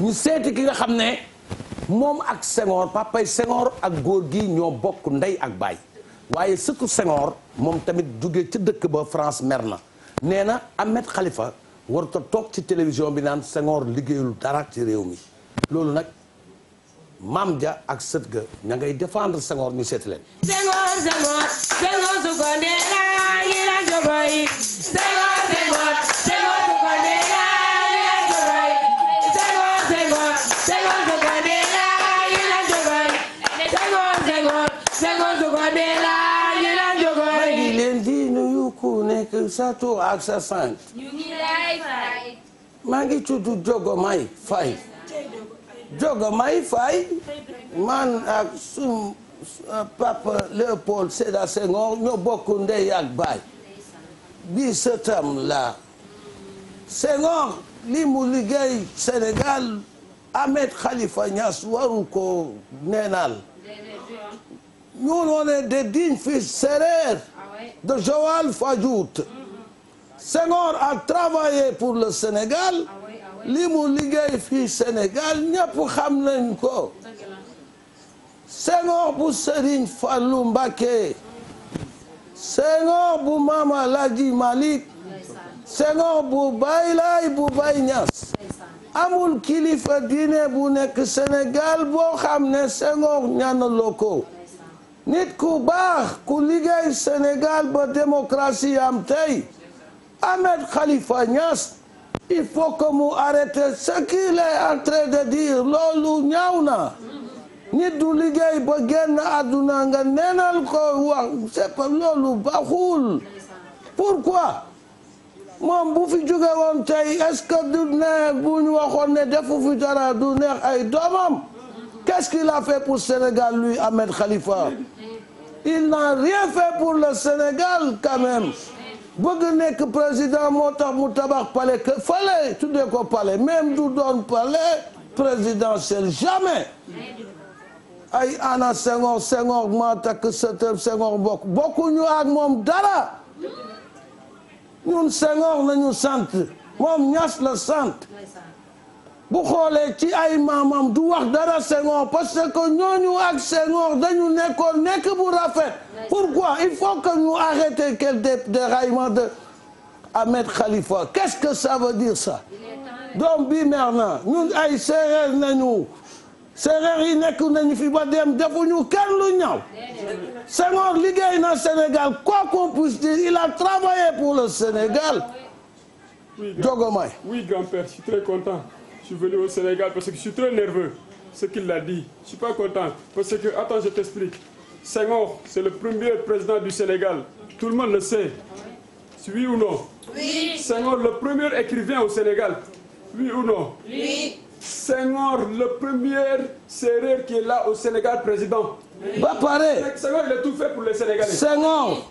ñu seeti nga xam ne moom ak Senghor papay Senghor ak góor gi ñoo bokk ndey ak baay waaye sëtu Senghor moom tamit jóge ca dëkk ba France mer na nee na Ahmed Khalifa warut a toog ci télévision bi naan Senghor liggéeyul dara ci réew mi loolu nag maam ja ak sët ga ña ngay defendre Senghor ñu seeti leen. Senghor Senghor. nekk sa sa sant. ñu ngi lay fay. maa ngi tudd Jogomay man ak sum uh, papa Léopold Sédar Senghor ñoo bokk ak baay. bi sëtam la. Senghor li mu liggéey Sénégal Ahmed Khalifa Niass waru ko neenal. ñu noo de diñ fi séeréer. de Joal Fadiouth Senghor a travaillé pour le Sénégal ah ah li mu liggéey fii Sénégal ñëpp xam nañ ko Senghor bu Serigne Fallou Mbacké Senghor bu Mame Aladji Malick Senghor bu Baye Laye bu Baye Niass amul kilifa diine bu nekk Sénégal boo xam ne Senghor ñaanaloo ko nit ku baax ku liggéey Sénégal ba démocratie am tey Ahmed Khalifa Niass il faut que mu arrête ce qu'il de dire loolu ñaaw na nit du liggéey ba génn àdduna nga nenal ko wax c'est pas loolu baaxul pourquoi moom bu fi jóge tey est-ce que du ne bu ñu waxoon ne defu fi dara du neex ay doomam Qu'est-ce qu'il a fait pour le Sénégal, lui, Ahmed Khalifa Il n'a rien fait pour le Sénégal, quand même. bëgg nekk président moo tax mu tabax palais que fallait tuddee ko palais même du doon palais présidentiel jamais ay ana Senghor Senghor maa takk setem Senghor bokk bokkuñu ak dara ñun Senghor la ñu sant moom Ñas la sant bu xoolee ci ay maamam du wax dara Senghor parce que ñooñu ak Senghor dañu nekkoon nekk bu rafet pourquoi il faut que ñu arrêter quel déraillement de Ahmed Khalifa qu'est-ce que ça veut dire ça donc bi mer ay séeréer nañu séeréer yi nekk nañu fi ba dem defuñu kenn lu ñaw Senghor liggéey na Sénégal quoi qu'on puisse dire il a travaillé pour le Sénégal Jogomay suis venu au Sénégal parce que je suis très nerveux, ce qu'il a dit. Je ne suis pas content. Parce que, attends, je t'explique. Senghor, c'est le premier président du Sénégal. Tout le monde le sait. Oui ou non Oui. le premier écrivain au Sénégal. Oui ou non Oui. le premier serreur qui est là au Sénégal, président. Oui. Pas pareil. il a tout fait pour les Sénégalais. Senghor.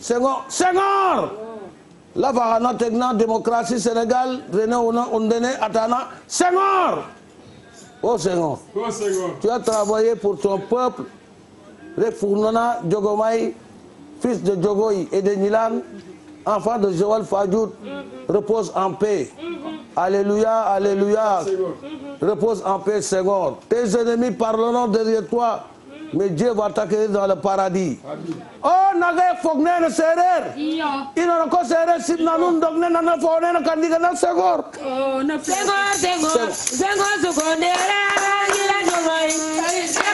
Senghor Senghor lafaxana tegna démocratie Sénégal rene una atana oh, oh, Senghor tu as travaillé pour ton peuple rek fugnona Diogomaye fils de Diogoye et de Gnilane enfant de Joal Fadiouth repose en paix alléluia repose en paix Senghor tes ennemis parleront derrière toi మేజే వార్టకై డాల పారాడి ఆ నగె ఫొగ్నే నసెర ఇయ ఇనరో కోసెరే సి ననున్ డొగ్నే నన ఫొనె న కండిగన సగోర్ ఆ నఫెంగర్ దెమో జెంగోజుగోనే రంగిలా గోవై